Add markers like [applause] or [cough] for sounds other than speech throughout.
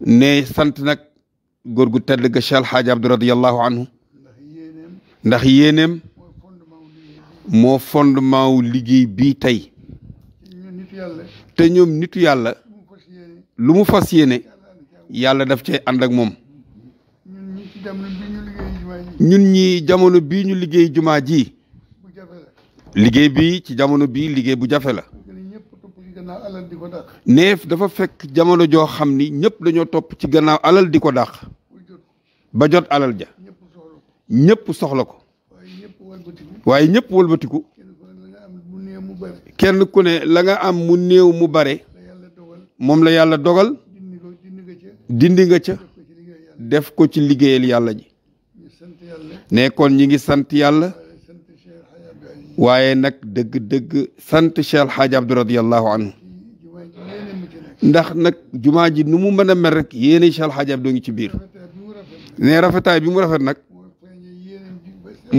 ne sant nag góor gu tedd ga Cheikh Alxaaji Abdu radiyallahu ndax yéeneem moo fondement wu liggéey bii tey te ñoom nitu yàlla lu mu fas yéene yàlla def cay àndak moom ñun ñi jamono bii ñu liggéey jumaa ji liggéey bi ci jamono bii liggéey bu jafe la neef dafa fekk jamono joo xam ni ñëpp dañoo topp ci gannaaw alal di ko dàq ba jot alal ja ñëpp soxla ko waaye ñëpp wëlbatiku kenn ku ne la nga am mu néew mu bare moom la yàlla dogal dindi nga ca def ko ci liggéeyal yàlla ji ne kon ñi ngi sant yàlla waaye nag dëgg-dëgg sant Cheikh El Hadj Abdou radiyallahu anhu ndax nag jumaa ji nu mu mën a mel rek yéene Cheikh El Hadj Abdou ci biir ne rafetaay bi mu rafet nag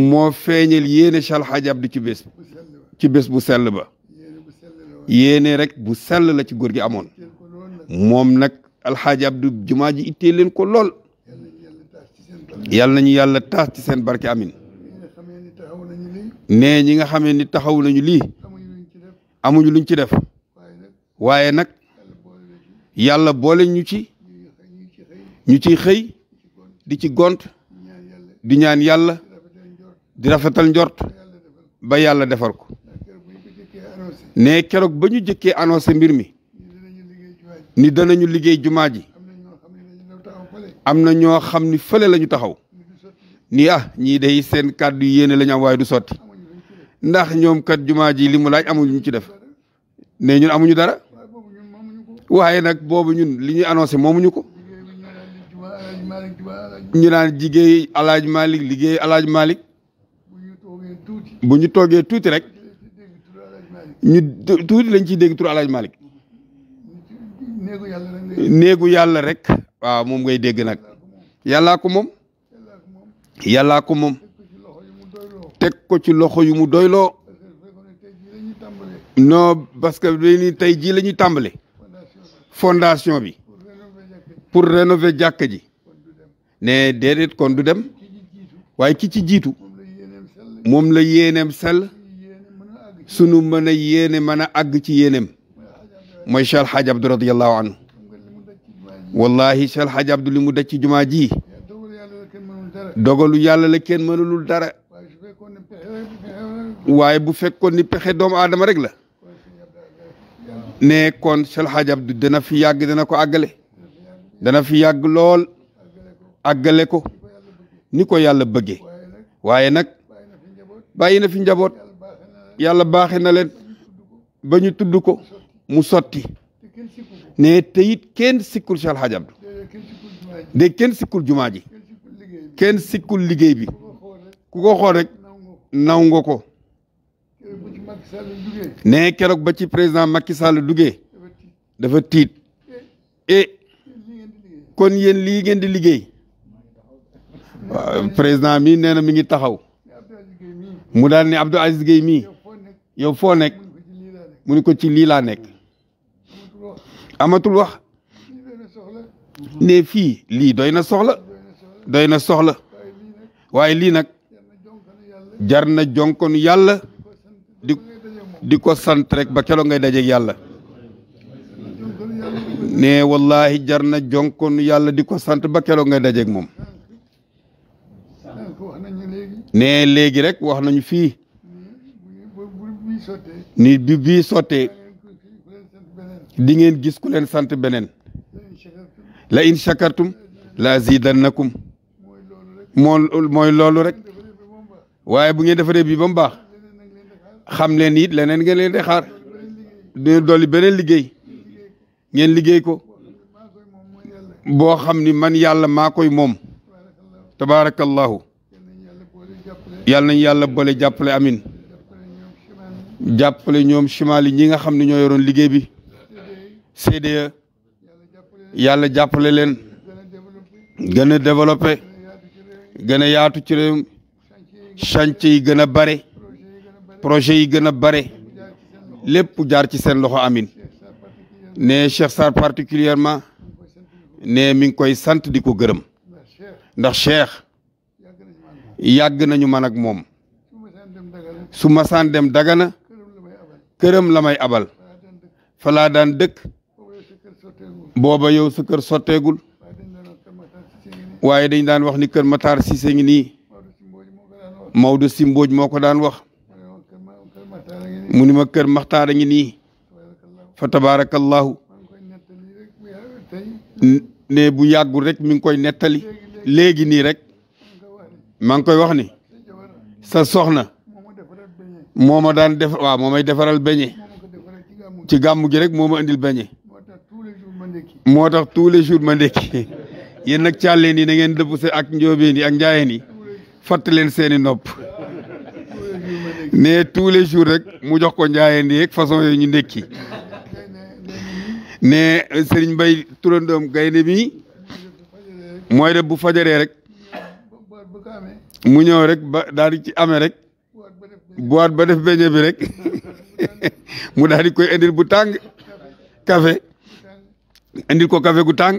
moo feeñal yéene Cheikh El Hadj ci bés ci bés bu sell ba yéene rek bu sell la ci góor gi amoon moom nag El Hadj Abdou jumaa ji ittee leen ko lool yàlla nañu yàlla taas ci seen barke amin nee ñi nga xame ni taxaw nañu lii amuñu luñ ci def waaye nag yàlla boole ñu ci ñu ciy xëy di ci gont di ñaan yàlla di rafetal njort ba yàlla defar ko ne keroog ba ñu jëkkee annoncé mbir mi ni danañu liggéey jumaa ji am na ñoo xam ni fale lañu taxaw ni ah ñii dey seen kàddu yéene la am waaye du sotti ndax ñoom kat jumaa ji li mu laaj amuñu ñu ci def ne ñun amuñu dara waaye nag boobu ñun li ñuy annoncé moomuñu ko ñu naan jigéey alaaj Malick liggéey alaaj malik bu ñu toogee tuuti rek ñu tuuti lañ ciy dégg tur alaaj Malick néegu yàlla rek waaw moom ngay dégg nag yàllaa ko moom yàllaa ko moom teg ko ci loxo yu mu doyloo non parce que dañuy tey jii la ñuy tàmbale fondation bi pour rénover jàkka ji ne déedéet kon du dem waaye ki ci jiitu moom la yéeneem sell sunu mën a yéene mën a àgg ci yéeneem mooy Cheikh Hadj Abdou radiyallahu anhu wallahi Cheikh Hadj li mu daj ci jumaa ji dogalu yàlla la kenn mënulul dara waaye bu fekkoon ni pexe doomu aadama rek la ne kon Seydi El Hadji dana fi yàgg dana ko àggale dana fi yàgg lool àggale ko ni ko yàlla bëggee waaye nag bàyyi na fi njaboot yàlla baaxe na leen ba ñu tudd ko mu sotti ne te kenn sikkul Seydi El kenn sikkul jumaa ji kenn sikkul liggéey bi ku ko xool rek naw nga ko ne keroog ba ci président Macky Sall duggee dafa tiit e kon yéen lii ngeen di liggéey président mi nee na mi ngi taxaw mu daal ne Abdou Aziz Gueye mii yow foo nekk mu ni ko ci lii laa nekk amatul wax ne fii lii doy na soxla doy na soxla waaye lii nag jar na jonkon yàlla di ko sant rek ba keroog ngay dajeeg yàlla ne wallahi jar na jonkon yàlla di ko sant ba keroog ngay dajeeg moom ne léegi rek wax nañu fii ni bi bii sottee di ngeen gis ku sant beneen la in shakartum la zidannakum mooy loolu rek waaye bu ngeen defaree bii ba mu baax xam leen it leneen ngeen leen di xaar dolli beneen liggéey ngeen liggéey ko boo xam ni man yàlla maa koy moom tabaarakallahu yàlla nañ yàlla bole jàppale amin jàppale ñoom chimali ñi nga xam ne ñoo yoroon liggéey bi CDE yàlla jàppale leen gën a développé gën a yaatu ci réew chantier yi gën a bare projet yi gën a bare lépp jaar ci seen loxo amin ne Cheikh Sarr particulièrement ne mi ngi koy sant di ko gërëm ndax Cheikh yàgg nañu man ak moom su masaan dem Dagana këram la may abal falaa daan dëkk booba yow sa kër sotteegul waaye dañ daan wax ni kër Matar Cissé ngi nii maudu simboj moko moo daan wax muni ma keur Maxtaar ngi ni fa tabarakallah ne bu yagu rek mi ngi koy nettali léegi rek koy wax ni sa soxna moma ma daan def wa momay defaral beñe ci gamu gi rek moma andil indil beñe moo tule tous les jours ma ndékki [laughs] yéen nak càlleen ni na ngeen ak njóobeen ak njaayeen fàttali leen seeni nopp ne tous les jours rek mu jox ko njaayeen yeeg façon yooyu ñu ndékki ne Serigne mbay turandoom gaynde bi mooy def bu fajaree rek mu ñëw rek ba daal di ci amee rek boîte ba def beñe bi rek [laughs] mu daal di koy indil bu tàng café indil ko café gu tàng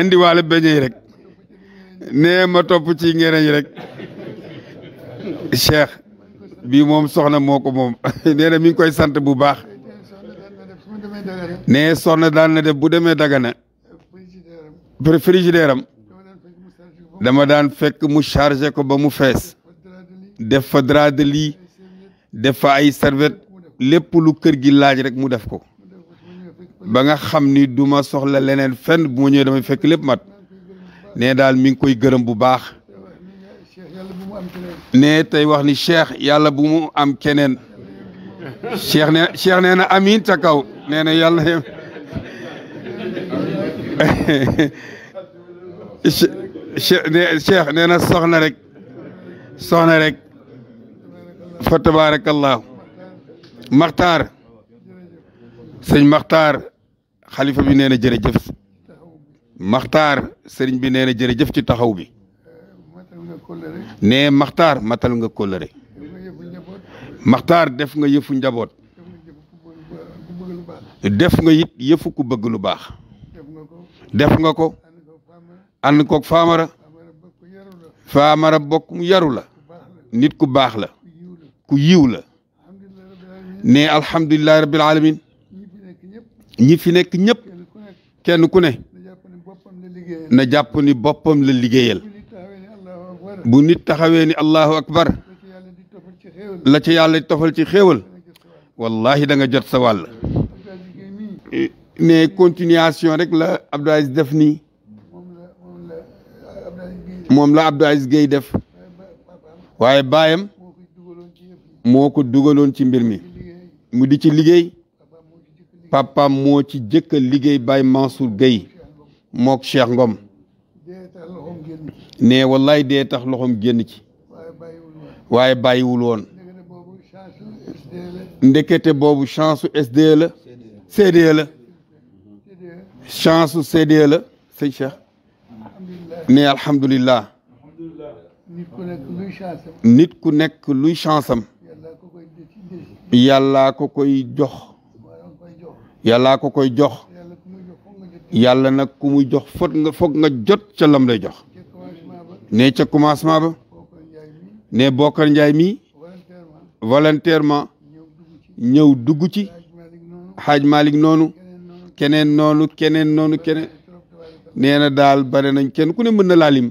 indi waale beñe yi rek nee ma topp ci ngeneñ rek Cheikh bii moom soxna moo ko moom [laughs] nee na mi ngi koy sant bu baax nee soxna daan na def bu demee Dagana frigidaire dama daan fekk mu chargé ko ba mu fees def fa drap de lit def fa ay serviette lépp lu kër gi laaj rek mu def ko ba nga xam ni du ma soxla leneen fenn bu ma ñëwee damay fekk lépp mat nee daal mi ngi koy gërëm bu baax nee tey wax ni cheikh yàlla bu mu am keneen cheikh nee cheikh nee na amiin ca kaw nee na yàlla cheikh nee na soxna rek soxna rek fa tabarakallahu maxtaar sëñ maxtaar xalifa bi nee na jërëjëf maxtar sëriñ bi nee na jërëjëf ci taxaw bi ne maxtaar matal nga kóllëre maxtaar def nga yëfu njaboot def nga it yëfu ku bëgg lu baax def nga ko ànd koog faamara faamara bokk mu yaru la nit ku baax la ku yiw la ne alhamdulilahi rabbil alamin ñi fi nekk ñëpp kenn ku ne na jàpp ni boppam la liggéeyal bu nit taxawee ni allahu akbar la ca yàlla tofal ci xéewal wallahi da nga jot sa wàll ne continuation rek la Abdou Aziz def nii moom la Abdou Aziz Guèye def waaye baayam moo ko dugaloon ci mbir mi mu di ci liggéey papaam moo ci jëkk a liggéey Baye Mansour Guèye mook Cheikh Ngom ne wallaay dee tax loxoom génn ci waaye bàyyiwul woon ndekete boobu chance su SD la chance su CD la sëñ Cheikh ne nit ku nekk luy chance am yàllaa ko koy jox yàllaa ko koy jox yàlla nag ku mu jox foog nga foog nga jot ca lam lay jox ne ca commencement ba ne bokkar njaay mi volontairement ñëw dugg ci xaaj malik noonu keneen noonu keneen noonu keneen nee daal bare nañ kenn ku ne mën na laalim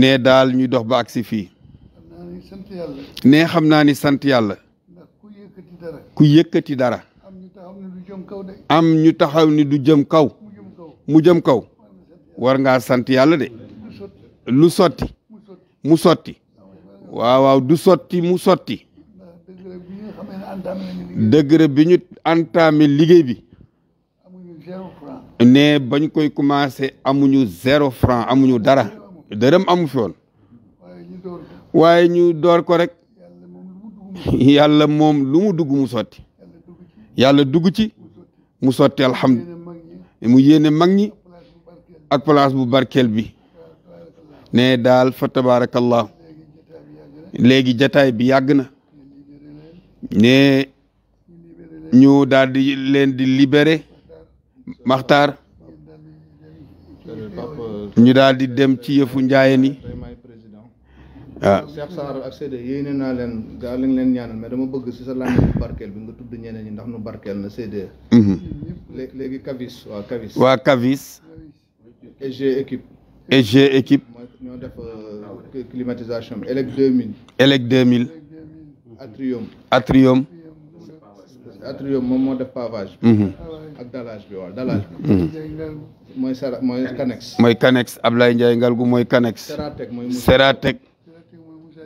ne daal ñu dox ba agsi fii ne xam naa ni sant yàlla ku yëkkati dara am ñu taxaw ni du jëm kaw mu jëm kaw war ngaa sant yàlla de lu sotti mu sotti waaw du sotti mu sotti degré bi ñu entamé liggéey bi ne bañ koy commencé amuñu zéro franc amuñu dara dërëm amu fi woon waaye ñu door ko rek yàlla moom lu mu dugg mu sotti [laughs] yàlla dugg ci mu sotti alhamd mu yéene mag ñi ak place bu barkeel bi ne daal fa tabaarakallah léegi jataay bi yàgg na ne ñu daldi leen di libéré maxtaar ñu daal dem ci yëfu njaayeen yi waaw ah. Cheikh Saar ak naa leen gaa lañ leen ñaanal mais dama bëgg si sa làmmiñ bi nga tudd ñeneen ñi ndax nu barkeel na mhm. léegi Kavis waa Kavis. waa Kavis. EG ñoo def euh, climatisation bi ELEC 2000. ELEC 2000. Atrium. moom moo def pavage. Mhm. ak dallage bi waaw dallage bi. Mhm. mooy Sara ab Canex. mooy Canex mooy Canex. Seratec mooy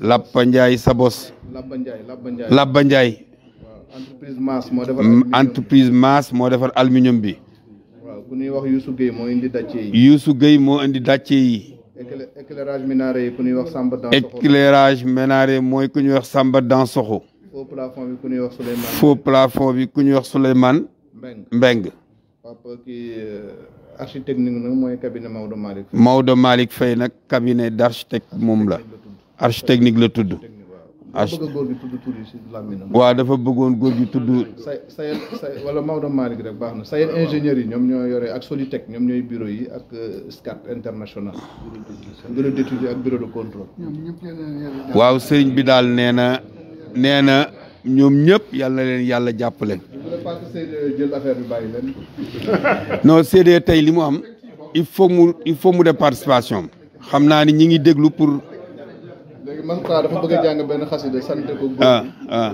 La Ndiaye Sabos Labba Ndiaye entreprise Maas moo defar aluminium bi ku ñuy wax Youssou Gueye moo indi dàcce Youssou Gueye moi indi dàcce yi éclairage ménaré yi ku ñuy wax Samba Dansoxo éclairage ménaré mooy ku wax Samba Soho. faux plafond bi ku wax Souleymane faux plafond bi ku wax Souleymane Mbeng papa qui euh, architecte nag mooy cabinet Maodo Malik. Maodo Malik fait un cabinet d'architecte, architecte moom la arche technique la tudd. arche waaw dafa bëggoon góor gi tudd. say wala Maodo Malick rek baax na sayel ingénieurs yi ñoom ñoo yore ak Solitech ñoom ñooy bureau yi ak euh, SCAT international. bureau d'étude ak bureau de contrôle. waaw sëriñ bi daal nee na nee na ñoom ñëpp yàlla na leen yàlla jàppale. jël affaire bi bàyyi leen. [laughs] non CD tey li mu am il faut mu il faut mu de participation xam naa ni ñi ngi déglu pour. man quoi dafa bëgg a jàng benn xasida sant ko. ah ah